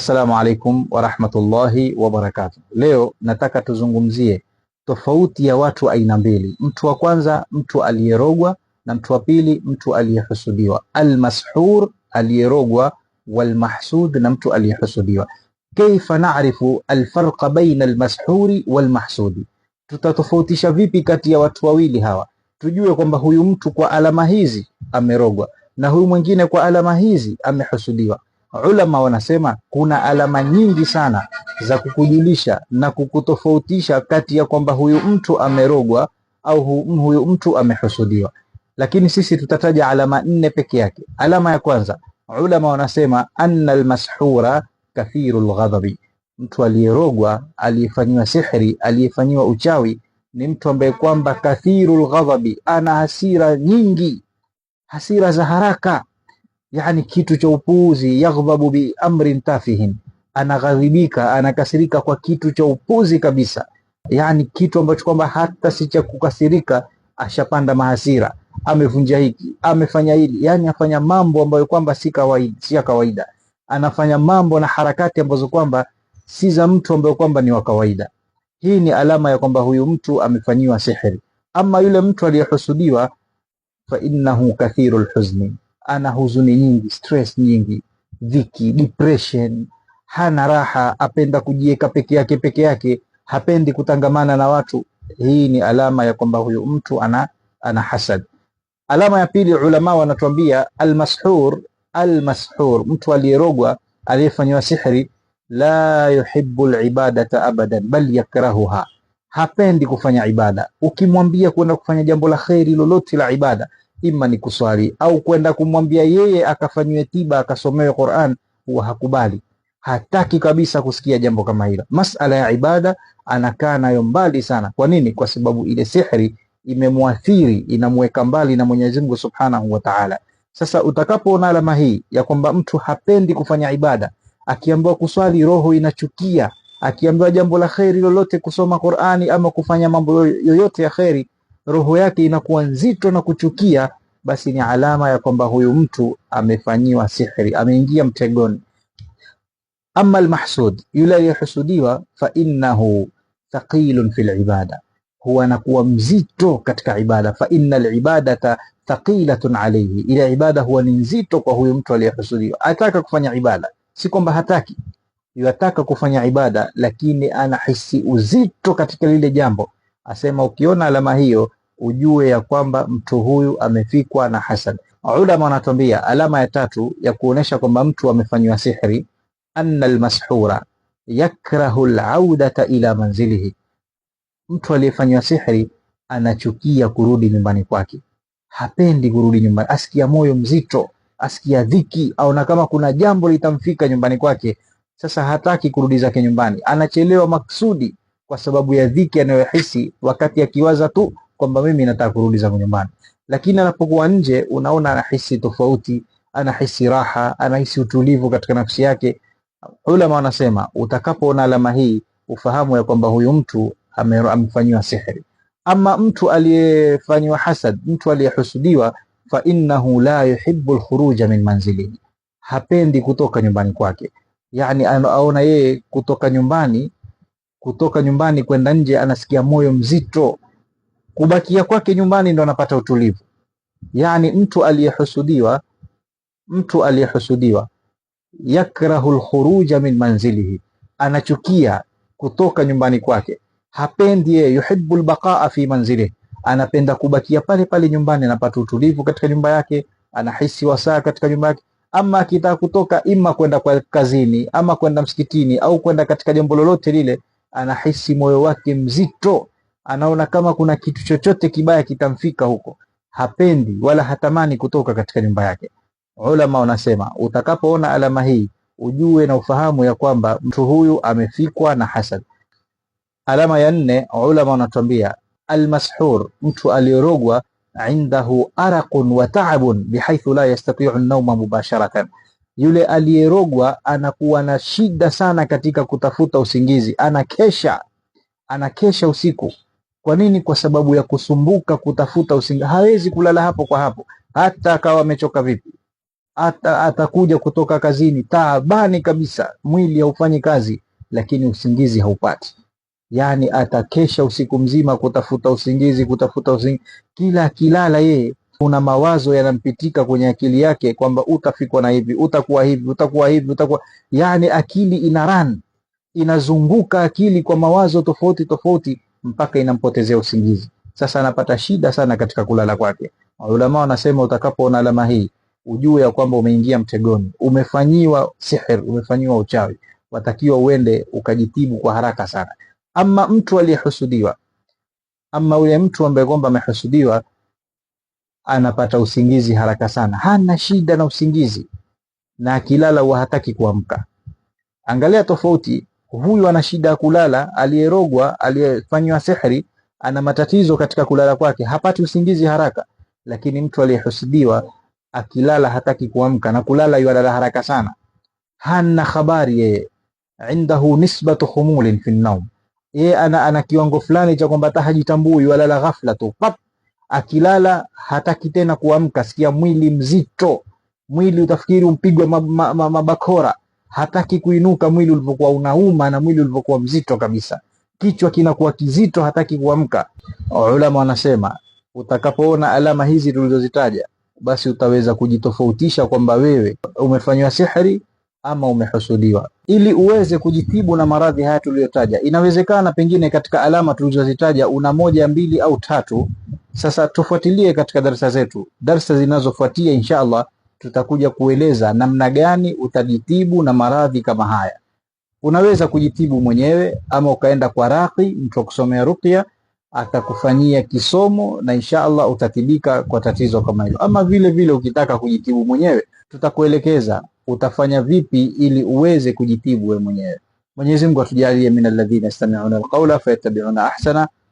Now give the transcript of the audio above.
Assalamu alaikum warahmatullahi wabarakatu. Leo nataka tuzungumzie tofauti ya watu aina mbili, mtu wa kwanza mtu aliyerogwa na mtu wa pili mtu aliyehusudiwa. Almashur aliyerogwa, walmahsud na mtu aliyehusudiwa. Kaifa narifu alfarqa baina almashhuri walmahsudi, tutatofautisha vipi kati ya watu wawili hawa? Tujue kwamba huyu mtu kwa alama hizi amerogwa na huyu mwingine kwa alama hizi amehusudiwa. Ulama wanasema kuna alama nyingi sana za kukujulisha na kukutofautisha kati ya kwamba huyu mtu amerogwa au huyu mtu amehusudiwa, lakini sisi tutataja alama nne peke yake. Alama ya kwanza, ulama wanasema anna almashura kathiru lghadhabi, mtu aliyerogwa, aliyefanyiwa sihri, aliyefanyiwa uchawi ni mtu ambaye kwamba kathiru lghadhabi, ana hasira nyingi, hasira za haraka yani kitu cha upuuzi. Yaghdhabu bi amrin tafihin, anaghadhibika anakasirika kwa kitu cha upuuzi kabisa, yani kitu ambacho kwamba hata si cha kukasirika. Ashapanda mahasira, amevunja hiki, amefanya hili, yani afanya mambo ambayo kwamba si kawaida, si kawaida, anafanya mambo na harakati ambazo kwamba si za mtu ambaye kwamba ni wa kawaida. Hii ni alama ya kwamba huyu mtu amefanyiwa sihiri. Ama yule mtu aliyehusudiwa, fa innahu kathirul huzni ana huzuni nyingi, stress nyingi, dhiki, depression, hana raha, apenda kujieka peke yake peke yake, hapendi kutangamana na watu. Hii ni alama ya kwamba huyu mtu ana, ana hasad. Alama ya pili, ulama wanatuambia almashhur, almashur, mtu aliyerogwa aliyefanyiwa sihri, la yuhibbu alibadata abadan bal yakrahuha, hapendi kufanya ibada. Ukimwambia kwenda kufanya jambo la kheri lolote la ibada ima ni kuswali au kwenda kumwambia yeye akafanyiwe tiba akasomewe Qur'an, huwa hakubali, hataki kabisa kusikia jambo kama hilo. Masala ya ibada anakaa nayo mbali sana. Kwa nini? Kwa sababu ile sihri imemwathiri, inamweka mbali na Mwenyezi Mungu Subhanahu wa Ta'ala. Sasa utakapoona alama hii ya kwamba mtu hapendi kufanya ibada, akiambiwa kuswali roho inachukia, akiambiwa jambo la kheri lolote, kusoma Qur'ani ama kufanya mambo yoyote ya kheri roho yake inakuwa nzito na kuchukia, basi ni alama ya kwamba huyu mtu amefanyiwa sihri, ameingia mtegoni. Amma almahsud, yule aliyehusudiwa, fa innahu thaqilun fil ibada, huwa anakuwa mzito katika ibada. Fa inna alibadata thaqilatun alayhi, ile ibada huwa ni nzito kwa huyu mtu aliyehusudiwa. Ataka kufanya ibada, si kwamba hataki, yataka kufanya ibada, lakini anahisi uzito katika lile jambo asema ukiona alama hiyo ujue ya kwamba mtu huyu amefikwa na hasad. Ulama wanatuambia alama ya tatu ya kuonesha kwamba mtu amefanywa sihri, anna almashura yakrahu alaudata ila manzilihi, mtu aliyefanywa sihri anachukia kurudi nyumbani kwake, hapendi kurudi nyumbani, asikia moyo mzito, asikia dhiki, aona kama kuna jambo litamfika nyumbani kwake. Sasa hataki kurudi zake nyumbani, anachelewa maksudi kwa sababu ya dhiki anayohisi wakati akiwaza tu kwamba mimi nataka kurudi zangu nyumbani, lakini anapokuwa nje unaona anahisi tofauti, anahisi raha, anahisi utulivu katika nafsi yake. Ulama wanasema utakapoona alama hii ufahamu ya kwamba huyu mtu amefanyiwa sihiri. Ama mtu aliyefanyiwa hasad, mtu aliyehusudiwa, fa innahu la yuhibbu alkhuruja min manzilihi, hapendi kutoka nyumbani kwake. Yani aona yeye kutoka nyumbani kutoka nyumbani kwenda nje, anasikia moyo mzito. Kubakia kwake nyumbani ndo anapata utulivu. Yani mtu aliyehusudiwa, mtu aliyehusudiwa yakrahu lkhuruja min manzilihi, anachukia kutoka nyumbani kwake, hapendi yeye. Yuhibbu lbaqaa fi manzilihi, anapenda kubakia pale pale nyumbani, anapata utulivu katika nyumba yake, anahisi wasaa katika nyumba yake. Ama akitaka kutoka, ima kwenda kwa kazini, ama kwenda msikitini, au kwenda katika jambo lolote lile anahisi moyo wake mzito, anaona kama kuna kitu chochote kibaya kitamfika huko, hapendi wala hatamani kutoka katika nyumba yake. Ulama wanasema utakapoona alama hii ujue na ufahamu ya kwamba mtu huyu amefikwa na hasad. Alama ya nne, ulama wanatuambia almashur, mtu aliyorogwa, indahu araqun wa taabun bihaithu la yastati'u an-nawma mubasharatan yule aliyerogwa anakuwa na shida sana katika kutafuta usingizi, anakesha anakesha usiku. Kwa nini? Kwa sababu ya kusumbuka kutafuta usingizi, hawezi kulala hapo kwa hapo, hata akawa amechoka vipi. Hata atakuja kutoka kazini taabani kabisa, mwili haufanyi kazi, lakini usingizi haupati. Yani atakesha usiku mzima kutafuta usingizi, kutafuta usingizi, kila akilala yeye kuna mawazo yanampitika kwenye akili yake kwamba utafikwa na hivi, utakuwa hivi, utakuwa hivi, utakuwa yani, akili ina run, inazunguka akili kwa mawazo tofauti tofauti mpaka inampotezea usingizi. Sasa anapata shida sana katika kulala kwake. Maulama wanasema utakapoona alama hii ujue ya kwamba umeingia mtegoni, umefanyiwa sihir, umefanyiwa uchawi, watakiwa uende ukajitibu kwa haraka sana. Ama mtu aliyehusudiwa, ama yule mtu ambaye kwamba amehusudiwa anapata usingizi haraka sana, hana shida na usingizi, na akilala huwa hataki kuamka. Angalia tofauti, huyu ana shida ya kulala, aliyerogwa, aliyefanywa sihri ana matatizo katika kulala kwake, hapati usingizi haraka. Lakini mtu aliyehusudiwa akilala hataki kuamka na kulala yulala haraka sana, hana habari yeye, indahu nisbatu humulin fi naum, yeye ana, ana kiwango fulani cha kwamba hajitambui, yualala ghafla tu pap akilala hataki tena kuamka, sikia mwili mzito, mwili utafikiri umpigwe mabakora ma, ma, ma, hataki kuinuka, mwili ulivyokuwa unauma na mwili ulivyokuwa mzito kabisa, kichwa kinakuwa kizito, hataki kuamka. Oh, ulama wanasema utakapoona alama hizi tulizozitaja, basi utaweza kujitofautisha kwamba wewe umefanywa sihri ama umehusudiwa. Ili uweze kujitibu na maradhi haya tuliyotaja, inawezekana pengine katika alama tulizozitaja una moja, mbili au tatu sasa tufuatilie katika darsa zetu, darsa zinazofuatia insha Allah tutakuja kueleza namna gani utajitibu na maradhi kama haya. Unaweza kujitibu mwenyewe ama ukaenda kwa raqi, mtu akusomea ruqya akakufanyia kisomo, na insha Allah utatibika kwa tatizo kama hilo. Ama vile vile ukitaka kujitibu mwenyewe, tutakuelekeza utafanya vipi ili uweze kujitibu wewe mwenyewe. Mwenyezi Mungu atujalie min alladhina yastami'una alqawla fayattabi'una ahsana